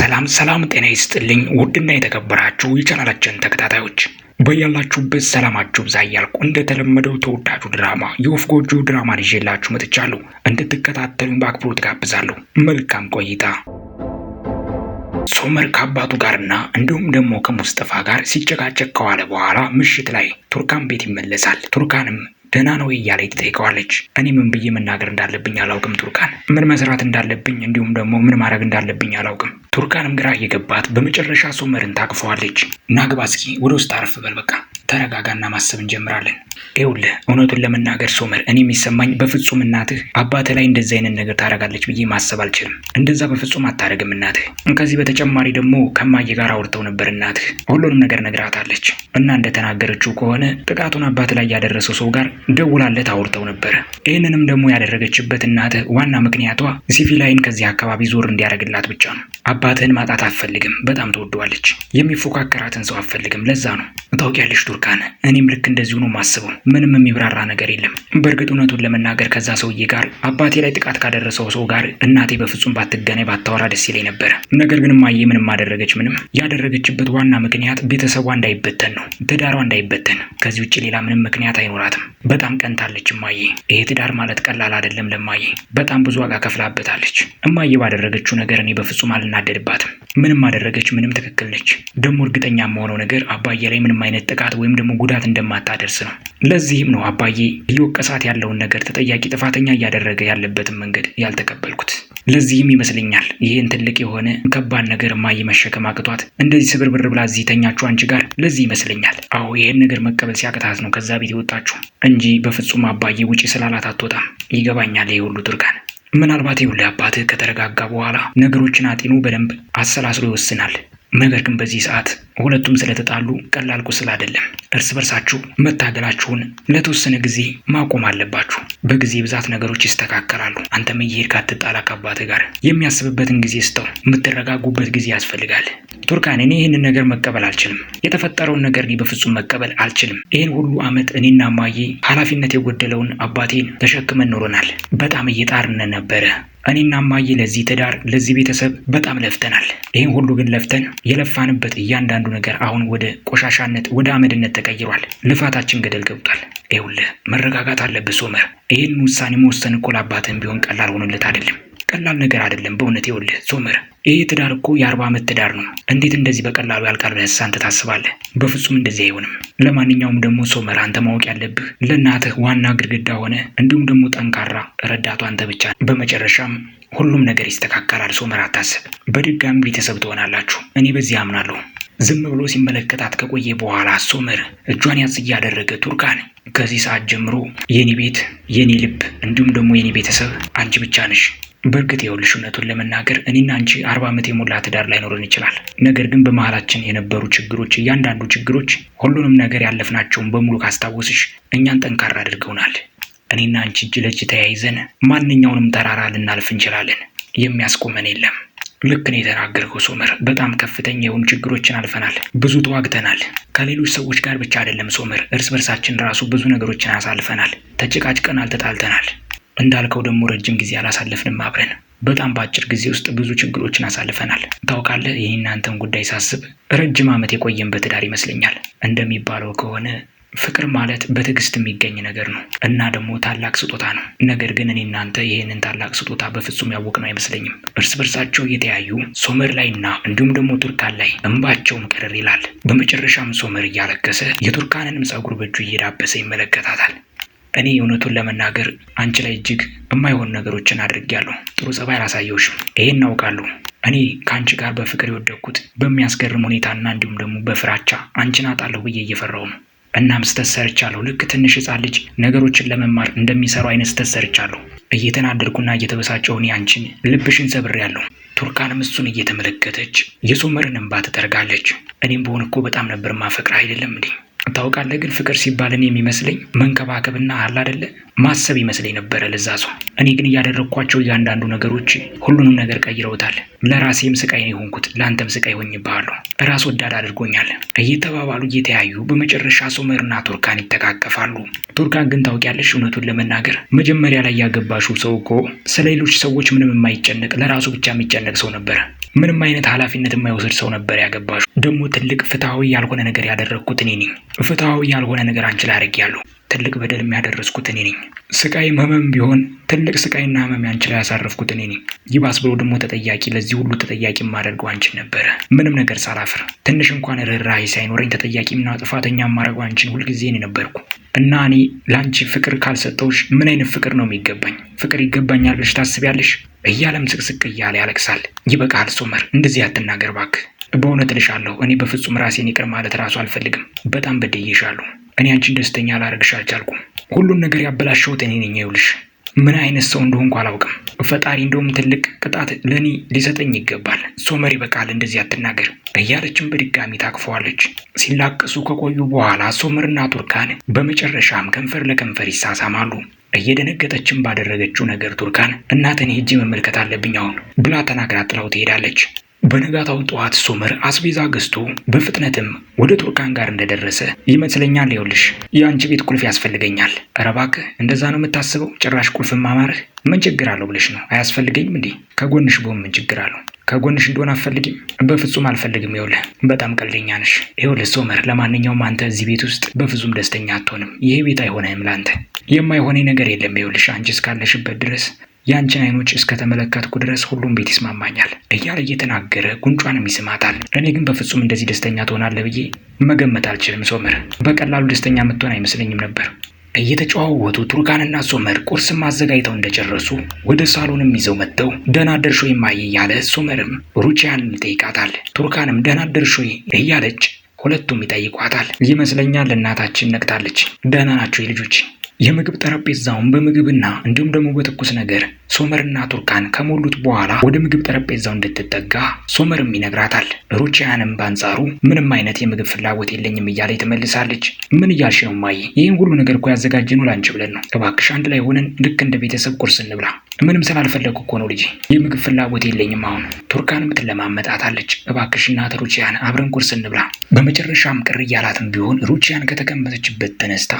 ሰላም ሰላም፣ ጤና ይስጥልኝ ውድና የተከበራችሁ የቻናላችን ተከታታዮች በያላችሁበት ሰላማችሁ ብዛ እያልኩ እንደተለመደው ተወዳጁ ድራማ የወፍ ጎጆ ድራማ ይዤላችሁ መጥቻለሁ። እንድትከታተሉኝ በአክብሮት ጋብዛለሁ። መልካም ቆይታ። ሶመር ከአባቱ ጋርና እንዲሁም ደግሞ ከሙስጠፋ ጋር ሲጨቃጨቅ ከዋለ በኋላ ምሽት ላይ ቱርካን ቤት ይመለሳል። ቱርካንም ደህና ነው እያለ ትጠይቀዋለች። እኔ ምን ብዬ መናገር እንዳለብኝ አላውቅም ቱርካን፣ ምን መስራት እንዳለብኝ እንዲሁም ደግሞ ምን ማድረግ እንዳለብኝ አላውቅም። ቱርካንም ግራ እየገባት በመጨረሻ ሶመርን ታቅፈዋለች። ናግባ እስኪ ወደ ውስጥ አረፍ በል በቃ ተረጋጋና ማሰብ እንጀምራለን። ይኸውልህ እውነቱን ለመናገር ሶመር፣ እኔ የሚሰማኝ በፍጹም እናትህ አባትህ ላይ እንደዚህ አይነት ነገር ታደርጋለች ብዬ ማሰብ አልችልም። እንደዛ በፍጹም አታደርግም እናትህ። ከዚህ በተጨማሪ ደግሞ ከማየ ጋር አውርተው ነበር። እናትህ ሁሉንም ነገር ነግራታለች እና እንደተናገረችው ከሆነ ጥቃቱን አባት ላይ ያደረሰው ሰው ጋር ደውላለት አውርተው ነበር። ይህንንም ደግሞ ያደረገችበት እናትህ ዋና ምክንያቷ ሲቪላይን ከዚህ አካባቢ ዞር እንዲያደርግላት ብቻ ነው። አባትህን ማጣት አትፈልግም። በጣም ትወደዋለች። የሚፎካከራትን ሰው አትፈልግም። ለዛ ነው ታውቂያለሽ ዱር ቱርካን፣ እኔም ልክ እንደዚሁ ነው ማስበው። ምንም የሚብራራ ነገር የለም። በእርግጥ እውነቱን ለመናገር ከዛ ሰውዬ ጋር አባቴ ላይ ጥቃት ካደረሰው ሰው ጋር እናቴ በፍጹም ባትገናኝ ባታወራ ደስ ይለኝ ነበረ። ነገር ግን ማየ ምንም አደረገች ምንም ያደረገችበት ዋና ምክንያት ቤተሰቧ እንዳይበተን ነው፣ ትዳሯ እንዳይበተን። ከዚህ ውጭ ሌላ ምንም ምክንያት አይኖራትም። በጣም ቀንታለች እማዬ። ይሄ ትዳር ማለት ቀላል አይደለም ለማዬ። በጣም ብዙ ዋጋ ከፍላበታለች። እማዬ ባደረገችው ነገር እኔ በፍጹም አልናደድባትም። ምንም አደረገች ምንም ትክክል ነች። ደግሞ እርግጠኛ የምሆነው ነገር አባዬ ላይ ምንም አይነት ጥቃት ወይም ወይም ደግሞ ጉዳት እንደማታደርስ ነው። ለዚህም ነው አባዬ እየወቀሳት ያለውን ነገር ተጠያቂ ጥፋተኛ እያደረገ ያለበትን መንገድ ያልተቀበልኩት። ለዚህም ይመስለኛል ይህን ትልቅ የሆነ ከባድ ነገር እማዬ መሸከም አቅቷት እንደዚህ ስብርብር ብላ እዚህ ተኛችሁ አንቺ ጋር ለዚህ ይመስለኛል። አዎ ይህን ነገር መቀበል ሲያቅታት ነው ከዛ ቤት የወጣችሁ እንጂ በፍጹም አባዬ ውጪ ስላላት አትወጣም። ይገባኛል ይህ ሁሉ ቱርካን ምናልባት ይኸውልህ አባትህ ከተረጋጋ በኋላ ነገሮችን አጢኑ በደንብ አሰላስሎ ይወስናል። ነገር ግን በዚህ ሰዓት ሁለቱም ስለተጣሉ ቀላል ቁስል አይደለም። እርስ በርሳችሁ መታገላችሁን ለተወሰነ ጊዜ ማቆም አለባችሁ። በጊዜ ብዛት ነገሮች ይስተካከላሉ። አንተም እየሄድ ካትጣላ ከአባትህ ጋር የሚያስብበትን ጊዜ ስጠው። የምትረጋጉበት ጊዜ ያስፈልጋል። ቱርካን፣ እኔ ይህንን ነገር መቀበል አልችልም። የተፈጠረውን ነገር እኔ በፍጹም መቀበል አልችልም። ይህን ሁሉ ዓመት እኔና ማዬ ኃላፊነት የጎደለውን አባቴን ተሸክመን ኖረናል። በጣም እየጣርን ነበረ እኔና ማዬ ለዚህ ትዳር ለዚህ ቤተሰብ በጣም ለፍተናል። ይህን ሁሉ ግን ለፍተን የለፋንበት እያንዳንዱ ነገር አሁን ወደ ቆሻሻነት ወደ አመድነት ተቀይሯል። ልፋታችን ገደል ገብቷል። ይኸውልህ መረጋጋት አለብህ ሶመር። ይህን ውሳኔ መወሰን እኮ ለአባትህም ቢሆን ቀላል ሆኖለት አይደለም። ቀላል ነገር አይደለም በእውነት ይኸውልህ ሶመር፣ ይህ ትዳር እኮ የአርባ ዓመት ትዳር ነው። እንዴት እንደዚህ በቀላሉ ያልቃል ብለህ አንተ ታስባለህ? በፍጹም እንደዚህ አይሆንም። ለማንኛውም ደግሞ ሶመር፣ አንተ ማወቅ ያለብህ ለእናትህ ዋና ግድግዳ ሆነ እንዲሁም ደግሞ ጠንካራ ረዳቱ አንተ ብቻ። በመጨረሻም ሁሉም ነገር ይስተካከላል ሶመር፣ አታስብ። በድጋሚ ቤተሰብ ትሆናላችሁ። እኔ በዚህ አምናለሁ። ዝም ብሎ ሲመለከታት ከቆየ በኋላ ሶመር እጇን ያዝ እያደረገ ቱርካን፣ ከዚህ ሰዓት ጀምሮ የኔ ቤት፣ የኔ ልብ እንዲሁም ደግሞ የኔ ቤተሰብ አንቺ ብቻ ነሽ። በእርግጥ የው እውነቱን ለመናገር እኔና አንቺ አርባ ዓመት የሞላ ትዳር ላይኖረን ይችላል። ነገር ግን በመሀላችን የነበሩ ችግሮች፣ እያንዳንዱ ችግሮች፣ ሁሉንም ነገር ያለፍናቸውን በሙሉ ካስታወስሽ እኛን ጠንካራ አድርገውናል። እኔና አንቺ እጅ ለእጅ ተያይዘን ማንኛውንም ተራራ ልናልፍ እንችላለን። የሚያስቆመን የለም። ልክ ነው የተናገርከው ሶመር። በጣም ከፍተኛ የሆኑ ችግሮችን አልፈናል። ብዙ ተዋግተናል። ከሌሎች ሰዎች ጋር ብቻ አይደለም ሶመር፣ እርስ በርሳችን ራሱ ብዙ ነገሮችን አሳልፈናል። ተጨቃጭቀናል፣ ተጣልተናል። እንዳልከው ደግሞ ረጅም ጊዜ አላሳለፍንም አብረን። በጣም በአጭር ጊዜ ውስጥ ብዙ ችግሮችን አሳልፈናል። ታውቃለህ፣ ይህን እናንተን ጉዳይ ሳስብ ረጅም ዓመት የቆየን በትዳር ይመስለኛል። እንደሚባለው ከሆነ ፍቅር ማለት በትዕግስት የሚገኝ ነገር ነው እና ደግሞ ታላቅ ስጦታ ነው። ነገር ግን እኔ እናንተ ይህንን ታላቅ ስጦታ በፍጹም ያወቅ ነው አይመስለኝም። እርስ በርሳቸው የተያዩ ሶመር ላይና እንዲሁም ደግሞ ቱርካን ላይ እንባቸውም ቀረር ይላል። በመጨረሻም ሶመር እያለቀሰ የቱርካንንም ጸጉር በእጁ እየዳበሰ ይመለከታታል። እኔ እውነቱን ለመናገር አንቺ ላይ እጅግ የማይሆን ነገሮችን አድርጌያለሁ። ጥሩ ጸባይ አላሳየውሽም፣ ይሄን አውቃለሁ እኔ ከአንቺ ጋር በፍቅር የወደኩት በሚያስገርም ሁኔታና እንዲሁም ደግሞ በፍራቻ አንቺን አጣለሁ ብዬ እየፈራው ነው። እናም ስህተት ሰርቻለሁ። ልክ ትንሽ ህፃን ልጅ ነገሮችን ለመማር እንደሚሰሩ አይነት ስህተት ሰርቻለሁ። እየተናደድኩና እየተበሳጨሁ እኔ አንቺን ልብሽን ሰብሬያለሁ። ቱርካንም እሱን እየተመለከተች የሶመርን እንባ ትጠርጋለች። እኔም በሆን እኮ በጣም ነበር ማፈቅር አይደለም እንዴ? ታውቃለህ ግን ፍቅር ሲባል እኔ የሚመስለኝ መንከባከብና አለ አደለ ማሰብ ይመስለኝ ነበረ ለዛ ሰው። እኔ ግን እያደረግኳቸው እያንዳንዱ ነገሮች ሁሉንም ነገር ቀይረውታል። ለራሴም ስቃይ ነው የሆንኩት፣ ለአንተም ስቃይ ሆኜብሃለሁ። ራስ ወዳድ አድርጎኛል። እየተባባሉ እየተያዩ በመጨረሻ ሶመርና ቱርካን ይተቃቀፋሉ። ቱርካን ግን ታውቂያለሽ፣ እውነቱን ለመናገር መጀመሪያ ላይ ያገባሽው ሰው እኮ ስለ ሌሎች ሰዎች ምንም የማይጨነቅ ለራሱ ብቻ የሚጨነቅ ሰው ነበር። ምንም አይነት ኃላፊነት የማይወስድ ሰው ነበር ያገባሹ። ደግሞ ትልቅ ፍትሐዊ ያልሆነ ነገር ያደረግኩት እኔ ነኝ። ፍትሐዊ ያልሆነ ነገር አንችል አድርጌያለሁ። ትልቅ በደል የሚያደረስኩት እኔ ነኝ። ስቃይም ህመም ቢሆን ትልቅ ስቃይና ህመም ያንቺ ላይ ያሳረፍኩት እኔ ነኝ። ይባስ ብሎ ደግሞ ተጠያቂ ለዚህ ሁሉ ተጠያቂ የማደርገው አንቺን ነበረ። ምንም ነገር ሳላፍር ትንሽ እንኳን ርኅራኄ ሳይኖረኝ ተጠያቂና ጥፋተኛ የማደርገው አንቺን ሁልጊዜ እኔ ነበርኩ እና እኔ ለአንቺ ፍቅር ካልሰጠውሽ ምን አይነት ፍቅር ነው የሚገባኝ? ፍቅር ይገባኛል ብለሽ ታስቢያለሽ? እያለም ስቅስቅ እያለ ያለቅሳል። ይበቃል ሶመር፣ እንደዚህ አትናገር እባክህ። በእውነት እልሻለሁ እኔ በፍጹም ራሴን ይቅር ማለት ራሱ አልፈልግም። በጣም በድዬሻለሁ። እኔ አንቺን ደስተኛ ላረግሽ አልቻልኩም። ሁሉን ነገር ያበላሸሁት እኔ ነኝ። ይኸውልሽ ምን አይነት ሰው እንደሆንኩ አላውቅም። ፈጣሪ እንደውም ትልቅ ቅጣት ለእኔ ሊሰጠኝ ይገባል። ሶመር ይበቃል፣ እንደዚህ አትናገር እያለችም በድጋሚ ታቅፈዋለች። ሲላቀሱ ከቆዩ በኋላ ሶመርና ቱርካን በመጨረሻም ከንፈር ለከንፈር ይሳሳማሉ። እየደነገጠችም ባደረገችው ነገር ቱርካን እናትን ሄጄ መመልከት አለብኝ አሁን ብላ ተናግራ ጥላው ትሄዳለች። በነጋታው ጠዋት ሶመር አስቤዛ ገዝቶ በፍጥነትም ወደ ቱርካን ጋር እንደደረሰ ይመስለኛል። ይኸውልሽ የአንቺ ቤት ቁልፍ ያስፈልገኛል። ኧረ እባክህ እንደዛ ነው የምታስበው? ጭራሽ ቁልፍ አማረህ? ምን ችግር አለው ብለሽ ነው? አያስፈልገኝም እንዴ? ከጎንሽ ብሆን ምን ችግር አለው? ከጎንሽ እንደሆነ አትፈልጊም? በፍጹም አልፈልግም። ይኸውልህ በጣም ቀልደኛ ነሽ። ይኸውልህ ሶመር፣ ለማንኛውም አንተ እዚህ ቤት ውስጥ በፍጹም ደስተኛ አትሆንም። ይሄ ቤት አይሆነም ለአንተ የማይሆነኝ ነገር የለም። ይኸውልሽ አንቺ እስካለሽበት ድረስ ያንቺን አይኖች እስከተመለከትኩ ድረስ ሁሉም ቤት ይስማማኛል እያለ እየተናገረ ጉንጯንም ይስማታል። እኔ ግን በፍጹም እንደዚህ ደስተኛ ትሆናለህ ብዬ መገመት አልችልም። ሶመር በቀላሉ ደስተኛ የምትሆን አይመስለኝም ነበር። እየተጨዋወቱ ቱርካንና ሶመር ቁርስም አዘጋጅተው እንደጨረሱ ወደ ሳሎንም ይዘው መጥተው ደህና አደርሽ ማየ እያለ ሶመርም ሩቺያን ይጠይቃታል። ቱርካንም ደህና አደርሽ እያለች ሁለቱም ይጠይቋታል። ይመስለኛል እናታችን ነቅታለች። ደህና ናቸው ልጆች የምግብ ጠረጴዛውን በምግብና እንዲሁም ደግሞ በትኩስ ነገር ሶመርና ቱርካን ከሞሉት በኋላ ወደ ምግብ ጠረጴዛው እንድትጠጋ ሶመርም ይነግራታል። ሩቺያንም በአንጻሩ ምንም አይነት የምግብ ፍላጎት የለኝም እያለ ትመልሳለች። ምን እያልሽ ነው ማይ? ይህን ሁሉ ነገር እኮ ያዘጋጀነው ላንቺ ብለን ነው። እባክሽ አንድ ላይ ሆነን ልክ እንደ ቤተሰብ ቁርስ እንብላ። ምንም ስላልፈለግኩ እኮ ነው ልጄ፣ የምግብ ፍላጎት የለኝም። አሁን ቱርካንም ትለማመጣታለች። እባክሽና እናት አብረን ቁርስ እንብላ። በመጨረሻም ቅር እያላትም ቢሆን ሩቺያን ከተቀመጠችበት ተነስታ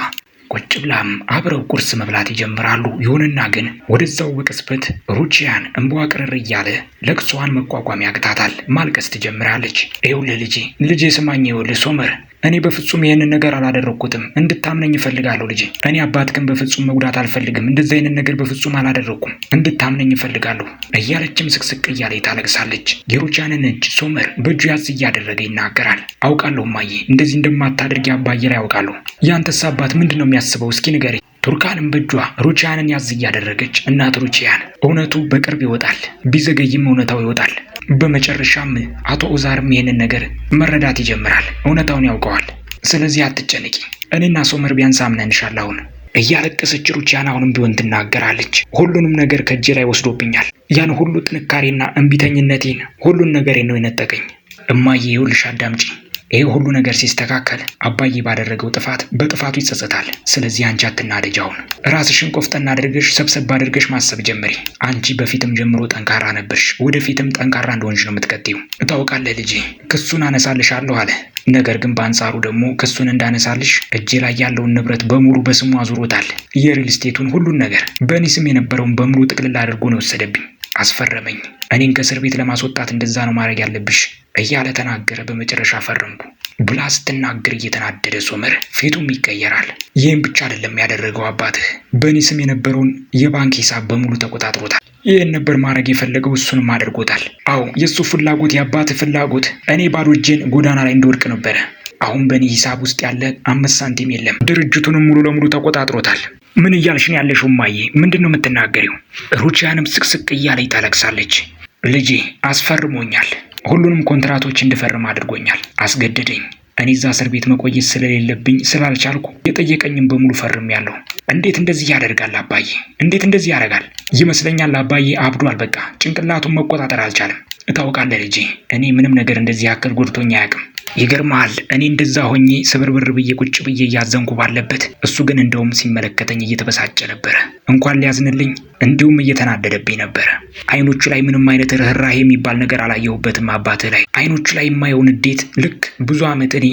ቁጭ ብላም አብረው ቁርስ መብላት ይጀምራሉ። ይሁንና ግን ወደዛው በቅጽበት ሩቺያን እንቧ ቅርር እያለ ለቅሶዋን መቋቋም ያቅታታል። ማልቀስ ትጀምራለች። ይኸውልህ ልጄ ልጄ ስማኝ፣ ይኸውልህ ሶመር እኔ በፍጹም ይህንን ነገር አላደረግኩትም። እንድታምነኝ እፈልጋለሁ ልጄ። እኔ አባትህን በፍጹም መጉዳት አልፈልግም። እንደዚህ አይነት ነገር በፍጹም አላደረግኩም። እንድታምነኝ እፈልጋለሁ እያለችም ስቅስቅ እያለ ታለቅሳለች። የሩቻንን እጅ ሶመር በእጁ ያዝ እያደረገ ይናገራል። አውቃለሁ እማዬ፣ እንደዚህ እንደማታደርጊ አባዬ ላይ አውቃለሁ። ያንተስ አባት ምንድን ነው የሚያስበው? እስኪ ንገሪ። ቱርካንም በእጇ ሩቺያንን ያዝ እያደረገች እናት ሩቺያን፣ እውነቱ በቅርብ ይወጣል፣ ቢዘገይም እውነታው ይወጣል። በመጨረሻም አቶ ኦዛርም ይህንን ነገር መረዳት ይጀምራል። እውነታውን ያውቀዋል። ስለዚህ አትጨነቂ፣ እኔና ሶመር ቢያንስ አምነንሻል። አሁን እያለቀሰች ሩቺያን አሁንም ቢሆን ትናገራለች። ሁሉንም ነገር ከእጄ ላይ ወስዶብኛል። ያን ሁሉ ጥንካሬና እምቢተኝነቴን፣ ሁሉን ነገሬ ነው የነጠቀኝ። እማዬ ይኸውልሽ፣ አዳምጪ ይህ ሁሉ ነገር ሲስተካከል አባዬ ባደረገው ጥፋት በጥፋቱ ይጸጸታል። ስለዚህ አንቺ አትናደጂ። አሁን ራስሽን ቆፍጠና አድርገሽ ሰብሰብ አድርገሽ ማሰብ ጀምሪ። አንቺ በፊትም ጀምሮ ጠንካራ ነበርሽ፣ ወደፊትም ጠንካራ እንደሆንሽ ነው የምትቀጥዩ። እታውቃለህ ልጄ፣ ክሱን አነሳልሻለሁ አለ። ነገር ግን በአንጻሩ ደግሞ ክሱን እንዳነሳልሽ እጄ ላይ ያለውን ንብረት በሙሉ በስሙ አዙሮታል። የሪል ስቴቱን ሁሉን ነገር በእኔ ስም የነበረውን በሙሉ ጥቅልል አድርጎ ነው ወሰደብኝ። አስፈረመኝ። እኔን ከእስር ቤት ለማስወጣት እንደዛ ነው ማድረግ ያለብሽ እያለ ተናገረ። በመጨረሻ ፈረምኩ ብላ ስትናገር እየተናደደ ሶመር ፊቱም ይቀየራል። ይህም ብቻ አይደለም ያደረገው፣ አባትህ በእኔ ስም የነበረውን የባንክ ሂሳብ በሙሉ ተቆጣጥሮታል። ይህን ነበር ማድረግ የፈለገው፣ እሱንም አድርጎታል። አዎ የእሱ ፍላጎት፣ የአባትህ ፍላጎት እኔ ባዶ እጄን ጎዳና ላይ እንደወድቅ ነበረ። አሁን በእኔ ሂሳብ ውስጥ ያለ አምስት ሳንቲም የለም። ድርጅቱንም ሙሉ ለሙሉ ተቆጣጥሮታል። ምን እያልሽ ነው ያለሽው? እማዬ ምንድን ነው የምትናገሪው? ሩቺያንም ስቅስቅ እያለ ታለቅሳለች። ልጄ አስፈርሞኛል። ሁሉንም ኮንትራቶች እንድፈርም አድርጎኛል። አስገደደኝ። እኔ እዛ እስር ቤት መቆየት ስለሌለብኝ ስላልቻልኩ የጠየቀኝም በሙሉ ፈርም ያለው። እንዴት እንደዚህ ያደርጋል አባዬ? እንዴት እንደዚህ ያደርጋል? ይመስለኛል አባዬ አብዷል። በቃ ጭንቅላቱን መቆጣጠር አልቻለም። እታውቃለህ ልጄ፣ እኔ ምንም ነገር እንደዚህ ያክል ጎድቶኝ አያውቅም። ይገርመሃል እኔ እንደዛ ሆኜ ስብርብር ብዬ ቁጭ ብዬ እያዘንኩ ባለበት እሱ ግን እንደውም ሲመለከተኝ እየተበሳጨ ነበረ። እንኳን ሊያዝንልኝ እንዲሁም እየተናደደብኝ ነበረ። አይኖቹ ላይ ምንም አይነት ርኅራሄ የሚባል ነገር አላየሁበትም። አባትህ ላይ አይኖቹ ላይ የማየውን እንዴት ልክ ብዙ ዓመት እኔ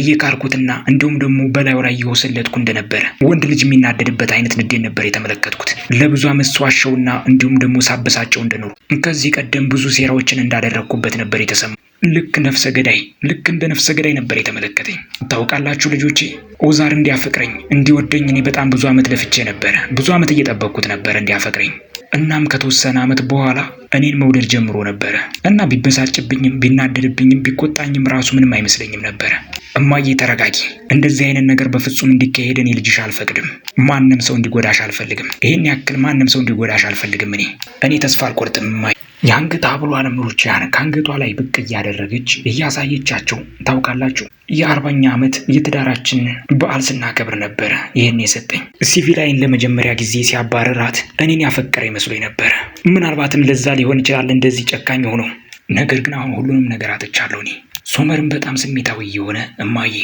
እየቃርኩትና እንዲሁም ደግሞ በላዩ ላይ እየወሰለትኩ እንደነበረ ወንድ ልጅ የሚናደድበት አይነት ንዴት ነበር የተመለከትኩት። ለብዙ አመት ስዋሸውና እንዲሁም ደግሞ ሳበሳቸው እንደኖሩ ከዚህ ቀደም ብዙ ሴራዎችን እንዳደረግኩበት ነበር የተሰማ። ልክ ነፍሰ ገዳይ ልክ እንደ ነፍሰ ገዳይ ነበር የተመለከተኝ። ታውቃላችሁ ልጆቼ፣ ኦዛር እንዲያፈቅረኝ እንዲወደኝ እኔ በጣም ብዙ ዓመት ለፍቼ ነበረ። ብዙ ዓመት እየጠበቅኩት ነበረ እንዲያፈቅረኝ። እናም ከተወሰነ ዓመት በኋላ እኔን መውደድ ጀምሮ ነበረ እና ቢበሳጭብኝም ቢናደድብኝም ቢቆጣኝም ራሱ ምንም አይመስለኝም ነበረ። እማዬ ተረጋጊ። እንደዚህ አይነት ነገር በፍጹም እንዲካሄድ እኔ ልጅሽ አልፈቅድም። ማንም ሰው እንዲጎዳሽ አልፈልግም። ይህን ያክል ማንም ሰው እንዲጎዳሽ አልፈልግም። እኔ እኔ ተስፋ አልቆርጥም እማዬ የአንገት ሐብሏን ምሩጫን ከአንገቷ ላይ ብቅ እያደረገች እያሳየቻቸው ታውቃላችሁ። የአርባኛ ዓመት የትዳራችን በዓል ስናከብር ነበረ ይህን የሰጠኝ። ሲቪላይን ለመጀመሪያ ጊዜ ሲያባረራት እኔን ያፈቀረ ይመስሎኝ ነበረ። ምናልባትም ለዛ ሊሆን ይችላል እንደዚህ ጨካኝ ሆኖ። ነገር ግን አሁን ሁሉንም ነገር አጥቻለሁ እኔ ሶመርም በጣም ስሜታዊ እየሆነ እማዬ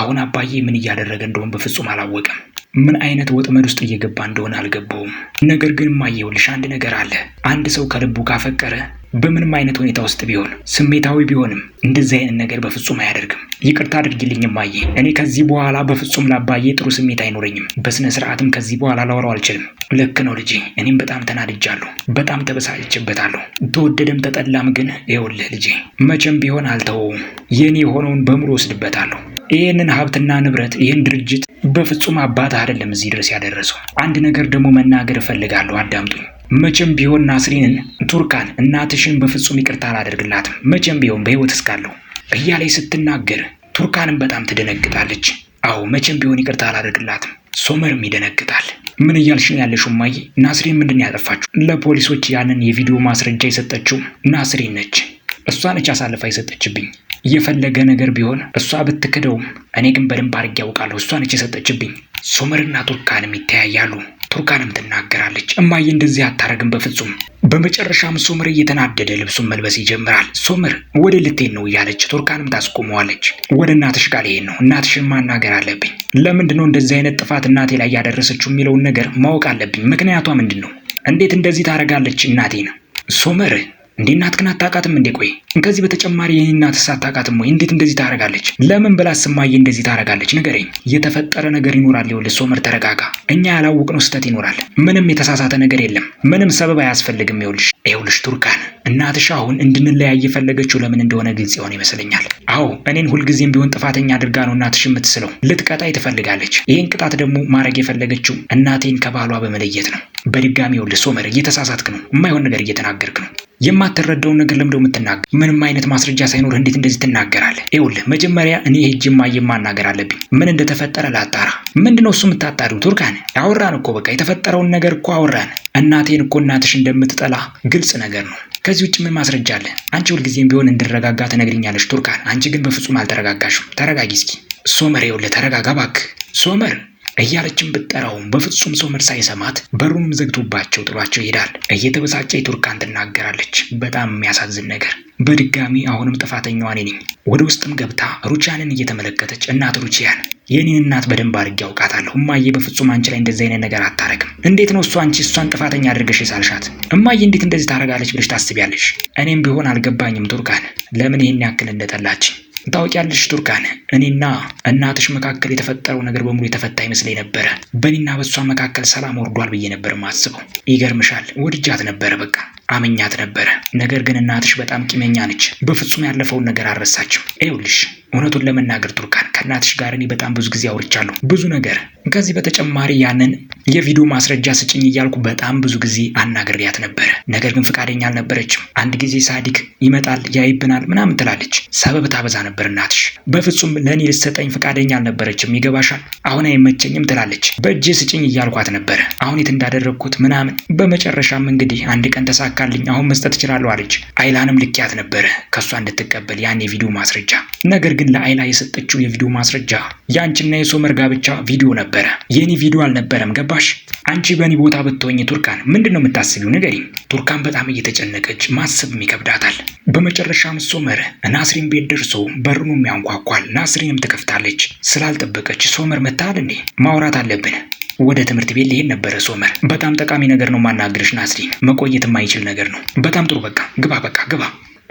አሁን አባዬ ምን እያደረገ እንደሆን በፍጹም አላወቀም ምን አይነት ወጥመድ ውስጥ እየገባ እንደሆነ አልገባውም። ነገር ግን ማየውልሽ አንድ ነገር አለ። አንድ ሰው ከልቡ ካፈቀረ በምንም አይነት ሁኔታ ውስጥ ቢሆን ስሜታዊ ቢሆንም እንደዚህ አይነት ነገር በፍጹም አያደርግም። ይቅርታ አድርጊልኝ እማዬ፣ እኔ ከዚህ በኋላ በፍጹም ላባዬ ጥሩ ስሜት አይኖረኝም። በስነ ስርዓትም ከዚህ በኋላ ላወራው አልችልም። ልክ ነው ልጄ፣ እኔም በጣም ተናድጃለሁ፣ በጣም ተበሳጭቼበታለሁ። ተወደደም ተጠላም ግን ይኸውልህ ልጄ፣ መቼም ቢሆን አልተወውም። የእኔ የሆነውን በሙሉ ወስድበታለሁ። ይህንን ሀብትና ንብረት ይህን ድርጅት በፍጹም አባት አይደለም እዚህ ድረስ ያደረሰው። አንድ ነገር ደግሞ መናገር እፈልጋለሁ፣ አዳምጡኝ። መቼም ቢሆን ናስሪንን ቱርካን እናትሽን በፍጹም ይቅርታ አላደርግላትም መቼም ቢሆን በህይወት እስካለሁ እያለች ስትናገር ቱርካንም በጣም ትደነግጣለች። አዎ መቼም ቢሆን ይቅርታ አላደርግላትም። ሶመርም ይደነግጣል። ምን እያልሽ ነው ያለሽው እማዬ? ናስሪን ምንድን ያጠፋችሁ? ለፖሊሶች ያንን የቪዲዮ ማስረጃ የሰጠችው ናስሪን ነች። እሷ ነች አሳልፋ የሰጠችብኝ። የፈለገ ነገር ቢሆን እሷ ብትክደውም እኔ ግን በደንብ አድርጌ ያውቃለሁ። እሷ ነች የሰጠችብኝ። ሶመርና ቱርካንም ይተያያሉ። ቱርካንም ትናገራለች፣ እማዬ እንደዚህ አታረግም በፍጹም። በመጨረሻም ሶመር እየተናደደ ልብሱን መልበስ ይጀምራል። ሶመር ወደ ልቴን ነው እያለች ቱርካንም ታስቆመዋለች። ወደ እናትሽ ጋር ይሄን ነው እናትሽን ማናገር አለብኝ። ለምንድን ነው እንደዚህ አይነት ጥፋት እናቴ ላይ ያደረሰችው የሚለውን ነገር ማወቅ አለብኝ። ምክንያቷ ምንድን ነው? እንዴት እንደዚህ ታደርጋለች እናቴ ነው ሶመር እንዴ እናት ግን አታውቃትም እንዴ? ቆይ ከዚህ በተጨማሪ የኔ እናትስ አታውቃትም ወይ? እንዴት እንደዚህ ታደርጋለች? ለምን ብላ ስማዬ እንደዚህ ታደርጋለች? ንገረኝ። የተፈጠረ ነገር ይኖራል። ይኸውልህ ሶመር ተረጋጋ። እኛ ያላወቅነው ስህተት ይኖራል። ምንም የተሳሳተ ነገር የለም። ምንም ሰበብ አያስፈልግም። ይኸውልሽ ይኸውልሽ ቱርካን እናትሽ አሁን እንድንለያይ የፈለገችው ለምን እንደሆነ ግልጽ ይሆን ይመስለኛል። አዎ እኔን ሁልጊዜም ቢሆን ጥፋተኛ አድርጋ ነው እናትሽ የምትስለው። ልትቀጣይ ትፈልጋለች። ይህን ቅጣት ደግሞ ማድረግ የፈለገችው እናቴን ከባሏ በመለየት ነው። በድጋሚ ይኸውልሽ ሶመር እየተሳሳትክ ነው። የማይሆን ነገር እየተናገርክ ነው። የማትረዳውን ነገር ለምደው የምትናገር ምንም አይነት ማስረጃ ሳይኖር እንዴት እንደዚህ ትናገራለህ? ይኸውልህ መጀመሪያ እኔ ሄጅ ማየም ማናገር አለብኝ። ምን እንደተፈጠረ ላጣራ። ምንድነው እሱ የምታጣሪው ቱርካን? አወራን እኮ በቃ የተፈጠረውን ነገር እኮ አወራን። እናቴን እኮ እናትሽ እንደምትጠላ ግልጽ ነገር ነው። ከዚህ ውጭ ምን ማስረጃ አለ? አንቺ ሁልጊዜም ቢሆን እንድረጋጋ ትነግሪኛለሽ ቱርካን። አንቺ ግን በፍጹም አልተረጋጋሽም። ተረጋጊ እስኪ ሶመር። ይኸውልህ ተረጋጋ እባክህ ሶመር እያለችም ብጠራውም በፍጹም ሰው ሶመር ሳይሰማት በሩንም ዘግቶባቸው ጥሏቸው ይሄዳል። እየተበሳጨ ቱርካን ትናገራለች። በጣም የሚያሳዝን ነገር በድጋሚ አሁንም ጥፋተኛዋ እኔ ነኝ። ወደ ውስጥም ገብታ ሩቺያንን እየተመለከተች እናት ሩቺያን የኔን እናት በደንብ አድርጌ አውቃታለሁ። እማዬ በፍጹም አንቺ ላይ እንደዚህ አይነት ነገር አታረግም። እንዴት ነው እሷ አንቺ እሷን ጥፋተኛ አድርገሽ የሳልሻት? እማዬ እንዴት እንደዚህ ታረጋለች ብለሽ ታስቢያለሽ? እኔም ቢሆን አልገባኝም ቱርካን ለምን ይህን ያክል እንደጠላችኝ ታውቂያለሽ ቱርካን፣ እኔና እናትሽ መካከል የተፈጠረው ነገር በሙሉ የተፈታ ይመስለኝ ነበረ። በእኔና በእሷ መካከል ሰላም ወርዷል ብዬ ነበር ማስበው። ይገርምሻል፣ ወድጃት ነበረ፣ በቃ አመኛት ነበረ። ነገር ግን እናትሽ በጣም ቂመኛ ነች። በፍጹም ያለፈውን ነገር አልረሳችም። ይኸውልሽ እውነቱን ለመናገር ቱርካን ከእናትሽ ጋር እኔ በጣም ብዙ ጊዜ አውርቻለሁ፣ ብዙ ነገር። ከዚህ በተጨማሪ ያንን የቪዲዮ ማስረጃ ስጭኝ እያልኩ በጣም ብዙ ጊዜ አናግሬያት ነበረ። ነገር ግን ፈቃደኛ አልነበረችም። አንድ ጊዜ ሳዲክ ይመጣል፣ ያይብናል፣ ምናምን ትላለች። ሰበብ ታበዛ ነበር እናትሽ። በፍጹም ለእኔ ልሰጠኝ ፈቃደኛ አልነበረችም። ይገባሻል፣ አሁን አይመቸኝም ትላለች። በእጄ ስጭኝ እያልኳት ነበረ፣ አሁን የት እንዳደረግኩት ምናምን። በመጨረሻም እንግዲህ አንድ ቀን ተሳካልኝ፣ አሁን መስጠት እችላለሁ አለች። አይላንም ልኪያት ነበረ ከእሷ እንድትቀበል ያን የቪዲዮ ማስረጃ ነገር ግን ግን ለአይላ የሰጠችው የቪዲዮ ማስረጃ የአንቺና የሶመር ጋብቻ ቪዲዮ ነበረ። የኔ ቪዲዮ አልነበረም። ገባሽ? አንቺ በእኔ ቦታ ብትሆኝ ቱርካን ምንድን ነው የምታስቢው? ንገሪኝ። ቱርካን በጣም እየተጨነቀች ማሰብም ይከብዳታል። በመጨረሻም ሶመር ናስሪን ቤት ደርሶ በሩንም ያንኳኳል። ናስሪንም ትከፍታለች። ስላልጠበቀች ሶመር መታል እንዴ ማውራት አለብን ወደ ትምህርት ቤት ሊሄድ ነበረ። ሶመር በጣም ጠቃሚ ነገር ነው ማናገርሽ ናስሪን፣ መቆየት የማይችል ነገር ነው። በጣም ጥሩ በቃ ግባ፣ በቃ ግባ።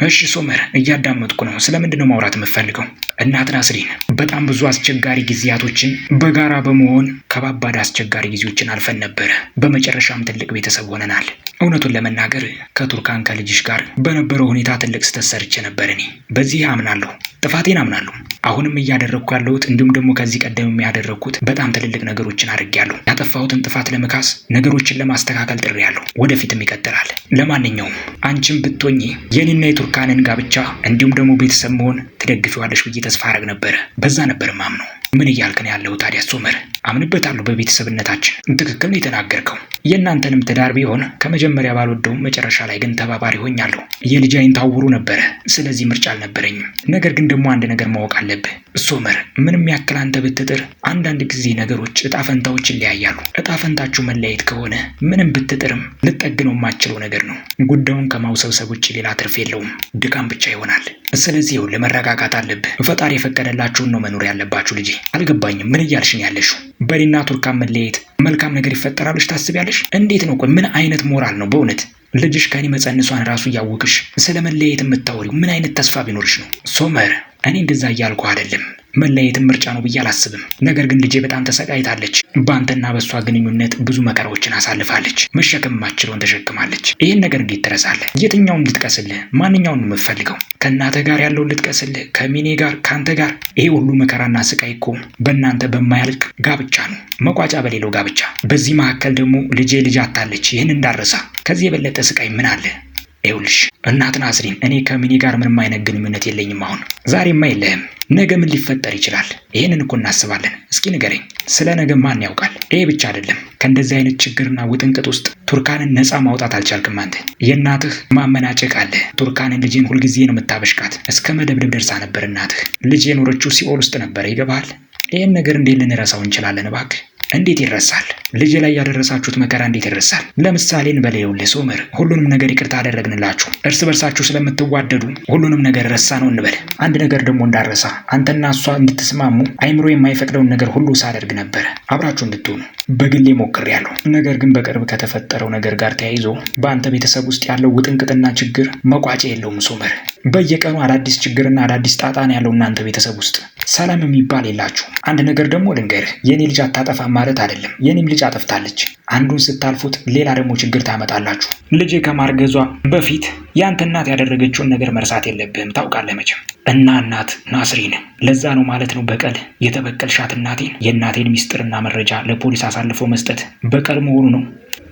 እሺ ሶመር እያዳመጥኩ ነው። ስለምንድን ነው ማውራት የምፈልገው? እናት ናስሪን በጣም ብዙ አስቸጋሪ ጊዜያቶችን በጋራ በመሆን ከባባድ አስቸጋሪ ጊዜዎችን አልፈን ነበረ። በመጨረሻም ትልቅ ቤተሰብ ሆነናል። እውነቱን ለመናገር ከቱርካን ከልጅሽ ጋር በነበረው ሁኔታ ትልቅ ስህተት ሰርቼ ነበር። እኔ በዚህ አምናለሁ፣ ጥፋቴን አምናለሁ። አሁንም እያደረግኩ ያለሁት እንዲሁም ደግሞ ከዚህ ቀደም የሚያደረግኩት በጣም ትልልቅ ነገሮችን አድርጌያለሁ። ያጠፋሁትን ጥፋት ለመካስ ነገሮችን ለማስተካከል ጥሬያለሁ። ወደፊትም ይቀጥላል። ለማንኛውም አንቺም ብትሆኚ የኔና የቱርካንን ጋብቻ እንዲሁም ደግሞ ቤተሰብ መሆን ትደግፊዋለሽ ብዬ ተስፋ አረግ ነበረ። በዛ ነበር ማምነው። ምን እያልክ ነው ያለው ታዲያ ሶመር? አምንበታለሁ። በቤተሰብነታችን ትክክል ነው የተናገርከው። የእናንተንም ትዳር ቢሆን ከመጀመሪያ ባልወደውም መጨረሻ ላይ ግን ተባባሪ ሆኛለሁ። የልጅ አይን ነበረ። ስለዚህ ምርጫ አልነበረኝም። ነገር ግን ደግሞ አንድ ነገር ማወቅ አለብህ ሶመር። ምንም ያክል አንተ ብትጥር፣ አንዳንድ ጊዜ ነገሮች እጣፈንታዎች ይለያያሉ። እጣፈንታችሁ መለያየት ከሆነ ምንም ብትጥርም ልጠግነው የማችለው ነገር ነው። ጉዳዩን ከማውሰብሰብ ውጭ ሌላ ትርፍ የለውም። ድካም ብቻ ይሆናል። ስለዚህ ይኸውልህ መረጋጋት አለብህ። ፈጣሪ የፈቀደላችሁን ነው መኖር ያለባችሁ። ልጄ አልገባኝም፣ ምን እያልሽ ነው ያለሽው? በኔና ቱርካን መለየት መልካም ነገር ይፈጠራልሽ ታስቢያለሽ? እንዴት ነው? ቆይ ምን አይነት ሞራል ነው በእውነት ልጅሽ ከኔ መጸንሷን ራሱ እያወቅሽ ስለ መለየት የምታወሪው ምን አይነት ተስፋ ቢኖርሽ ነው? ሶመር፣ እኔ እንደዛ እያልኩ አይደለም መለየትን ምርጫ ነው ብዬ አላስብም። ነገር ግን ልጄ በጣም ተሰቃይታለች። በአንተና በእሷ ግንኙነት ብዙ መከራዎችን አሳልፋለች። መሸከም ማችለውን ተሸክማለች። ይህን ነገር እንዴት ትረሳለህ? የትኛውን ልጥቀስልህ? ማንኛውን የምፈልገው ከእናተ ጋር ያለውን ልጥቀስልህ? ከሚኔ ጋር፣ ከአንተ ጋር? ይሄ ሁሉ መከራና ስቃይ እኮ በእናንተ በማያልቅ ጋብቻ ነው፣ መቋጫ በሌለው ጋብቻ። በዚህ መካከል ደግሞ ልጄ ልጅ አታለች። ይህን እንዳረሳ። ከዚህ የበለጠ ስቃይ ምን አለ? ይኸውልሽ እናት ናስሪን፣ እኔ ከሚኔ ጋር ምንም አይነት ግንኙነት የለኝም። አሁን ዛሬማ የለህም ነገ ምን ሊፈጠር ይችላል? ይህንን እኮ እናስባለን። እስኪ ንገረኝ፣ ስለ ነገ ማን ያውቃል? ይሄ ብቻ አይደለም፣ ከእንደዚህ አይነት ችግርና ውጥንቅጥ ውስጥ ቱርካንን ነፃ ማውጣት አልቻልክም። አንተ የእናትህ ማመናጨቅ አለ። ቱርካንን ልጄን ሁልጊዜ ነው የምታበሽቃት። እስከ መደብደብ ደርሳ ነበር እናትህ። ልጅ የኖረችው ሲኦል ውስጥ ነበረ። ይገባሃል? ይህን ነገር እንዴት ልንረሳው እንችላለን? እባክህ እንዴት ይረሳል? ልጅ ላይ ያደረሳችሁት መከራ እንዴት ይረሳል? ለምሳሌ እንበለየውልህ ሶመር፣ ሁሉንም ነገር ይቅርታ አደረግንላችሁ እርስ በርሳችሁ ስለምትዋደዱ ሁሉንም ነገር ረሳ ነው እንበል። አንድ ነገር ደግሞ እንዳረሳ አንተና እሷ እንድትስማሙ አይምሮ የማይፈቅደውን ነገር ሁሉ ሳደርግ ነበረ አብራችሁ እንድትሆኑ በግሌ ሞክሬያለሁ። ነገር ግን በቅርብ ከተፈጠረው ነገር ጋር ተያይዞ በአንተ ቤተሰብ ውስጥ ያለው ውጥንቅጥና ችግር መቋጫ የለውም ሶመር በየቀኑ አዳዲስ ችግርና አዳዲስ ጣጣ ነው ያለው እናንተ ቤተሰብ ውስጥ ሰላም የሚባል የላችሁ። አንድ ነገር ደግሞ ልንገርህ፣ የኔ ልጅ አታጠፋ ማለት አይደለም። የኔም ልጅ አጠፍታለች። አንዱን ስታልፉት ሌላ ደግሞ ችግር ታመጣላችሁ። ልጄ ከማርገዟ በፊት ያንተ እናት ያደረገችውን ነገር መርሳት የለብህም። ታውቃለህ መቼም እና እናት ናስሪን ለዛ ነው ማለት ነው በቀል የተበቀልሻት እናቴን። የእናቴን ሚስጥርና መረጃ ለፖሊስ አሳልፎ መስጠት በቀል መሆኑ ነው።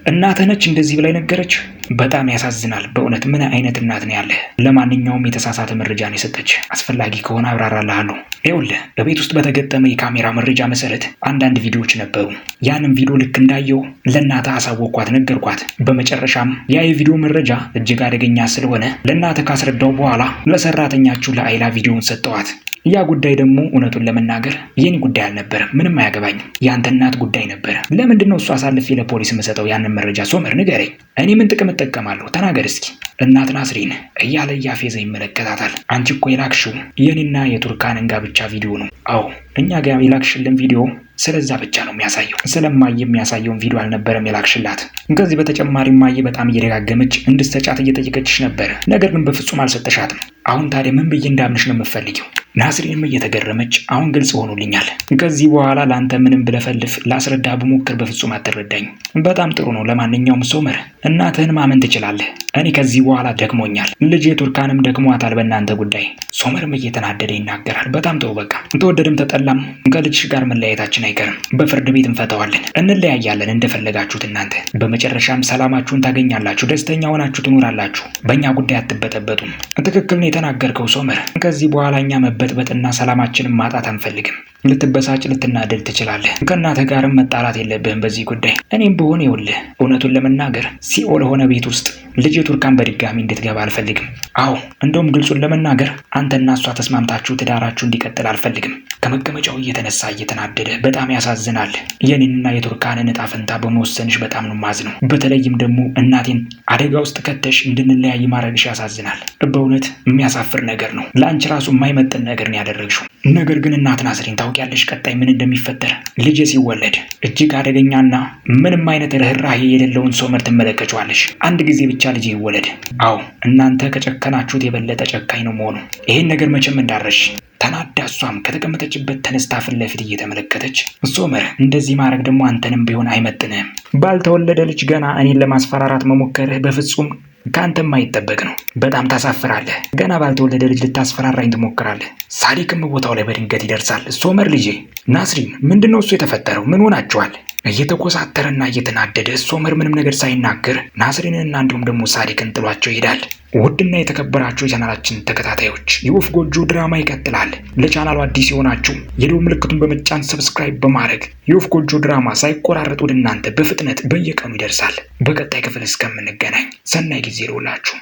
እናትህ ነች እንደዚህ ብላ ነገረች። በጣም ያሳዝናል በእውነት ምን አይነት እናት ነው ያለህ? ለማንኛውም የተሳሳተ መረጃ ነው የሰጠች አስፈላጊ ከሆነ አብራራልሃለሁ። ይኸውልህ በቤት ውስጥ በተገጠመ የካሜራ መረጃ መሰረት አንዳንድ ቪዲዮዎች ነበሩ። ያንም ቪዲዮ ልክ እንዳየው ለእናትህ አሳወቅኳት፣ ነገርኳት። በመጨረሻም ያ የቪዲዮ መረጃ እጅግ አደገኛ ስለሆነ ለእናተ ካስረዳው በኋላ ለሰራተኛችሁ ለአይላ ቪዲዮውን ሰጠዋት። ያ ጉዳይ ደግሞ እውነቱን ለመናገር የኔ ጉዳይ አልነበረም፣ ምንም አያገባኝም። የአንተ እናት ጉዳይ ነበረ። ለምንድን ነው እሱ አሳልፌ ለፖሊስ የምሰጠው? ያንን መረጃ ሶመር ንገረኝ። እኔ ምን ጥቅም እጠቀማለሁ? ተናገር እስኪ። እናት ናስሪን እያለ እያፌዘ ይመለከታታል። አንቺ እኮ የላክሽው የኔና የቱርካንን ጋብቻ ቪዲዮ ነው። አዎ እኛ ጋ የላክሽልን ቪዲዮ ስለዛ ብቻ ነው የሚያሳየው። ስለማየ የሚያሳየውን ቪዲዮ አልነበረም የላክሽላት። ከዚህ በተጨማሪ ማየ በጣም እየደጋገመች እንድትሰጫት እየጠየቀችሽ ነበረ፣ ነገር ግን በፍጹም አልሰጠሻትም። አሁን ታዲያ ምን ብዬ እንዳምንሽ ነው የምፈልጊው? ናስሪንም እየተገረመች አሁን ግልጽ ሆኖልኛል። ከዚህ በኋላ ለአንተ ምንም ብለፈልፍ ላስረዳ ብሞክር በፍጹም አትረዳኝ። በጣም ጥሩ ነው። ለማንኛውም ሶመር እናትህን ማመን ትችላለህ። እኔ ከዚህ በኋላ ደክሞኛል። ልጄ ቱርካንም ደክሟታል በእናንተ ጉዳይ። ሶመርም እየተናደደ ይናገራል። በጣም ጥሩ በቃ ተወደድም ተጠላም ከልጅሽ ጋር መለያየታችን አይቀርም። በፍርድ ቤት እንፈታዋለን። እንለያያለን እንደፈለጋችሁት እናንተ። በመጨረሻም ሰላማችሁን ታገኛላችሁ፣ ደስተኛ ሆናችሁ ትኖራላችሁ። በእኛ ጉዳይ አትበጠበጡም። ትክክል ነው የተናገርከው ሶመር። ከዚህ በኋላ እኛ መበጥበጥና ሰላማችንን ማጣት አንፈልግም። ልትበሳጭ ልትናደድ ትችላለህ። ከእናተ ጋርም መጣላት የለብህም በዚህ ጉዳይ። እኔም ብሆን ይውልህ እውነቱን ለመናገር ሲኦል ሆነ ቤት ውስጥ ልጄ ቱርካን በድጋሚ እንድትገባ አልፈልግም። አዎ እንደውም ግልጹን ለመናገር አንተና እሷ ተስማምታችሁ ትዳራችሁ እንዲቀጥል አልፈልግም። ከመቀመጫው እየተነሳ እየተናደደ በጣም ያሳዝናል። የኔንና የቱርካንን እጣ ፈንታ በመወሰንሽ በጣም ነው የማዝነው። በተለይም ደግሞ እናቴን አደጋ ውስጥ ከተሽ እንድንለያይ ማድረግሽ ያሳዝናል። በእውነት የሚያሳፍር ነገር ነው። ለአንቺ ራሱ የማይመጥን ነገር ነው ያደረግሽው። ነገር ግን እናት ናስሪን ታውቂያለሽ፣ ቀጣይ ምን እንደሚፈጠር ልጄ ሲወለድ እጅግ አደገኛና ምንም አይነት ርኅራሄ የሌለውን ሶመር ትመለከችዋለሽ። አንድ ጊዜ ብቻ ልጄ ይወለድ። አዎ እናንተ ከጨከናችሁት የበለጠ ጨካኝ ነው መሆኑ። ይሄን ነገር መቼም እንዳረሽ ተናዳ እሷም ከተቀመጠችበት ተነስታ ፊት ለፊት እየተመለከተች ሶመር፣ እንደዚህ ማድረግ ደግሞ አንተንም ቢሆን አይመጥንህም። ባልተወለደ ልጅ ገና እኔን ለማስፈራራት መሞከርህ በፍጹም ከአንተ የማይጠበቅ ነው። በጣም ታሳፍራለህ። ገና ባልተወለደ ልጅ ልታስፈራራኝ ትሞክራለህ። ሳዲክም ቦታው ላይ በድንገት ይደርሳል። ሶመር ልጄ፣ ናስሪን፣ ምንድን ነው እሱ የተፈጠረው? ምን ሆናችኋል? እየተኮሳተረና እየተናደደ ሶመር ምንም ነገር ሳይናገር ናስሪንንና እንዲሁም ደግሞ ሳዲቅን ጥሏቸው ይሄዳል። ውድና የተከበራችሁ የቻናላችን ተከታታዮች የወፍ ጎጆ ድራማ ይቀጥላል። ለቻናሉ አዲስ የሆናችሁ የደወል ምልክቱን በመጫን ሰብስክራይብ በማድረግ የወፍ ጎጆ ድራማ ሳይቆራረጥ ወደ እናንተ በፍጥነት በየቀኑ ይደርሳል። በቀጣይ ክፍል እስከምንገናኝ ሰናይ ጊዜ ይሁንላችሁ።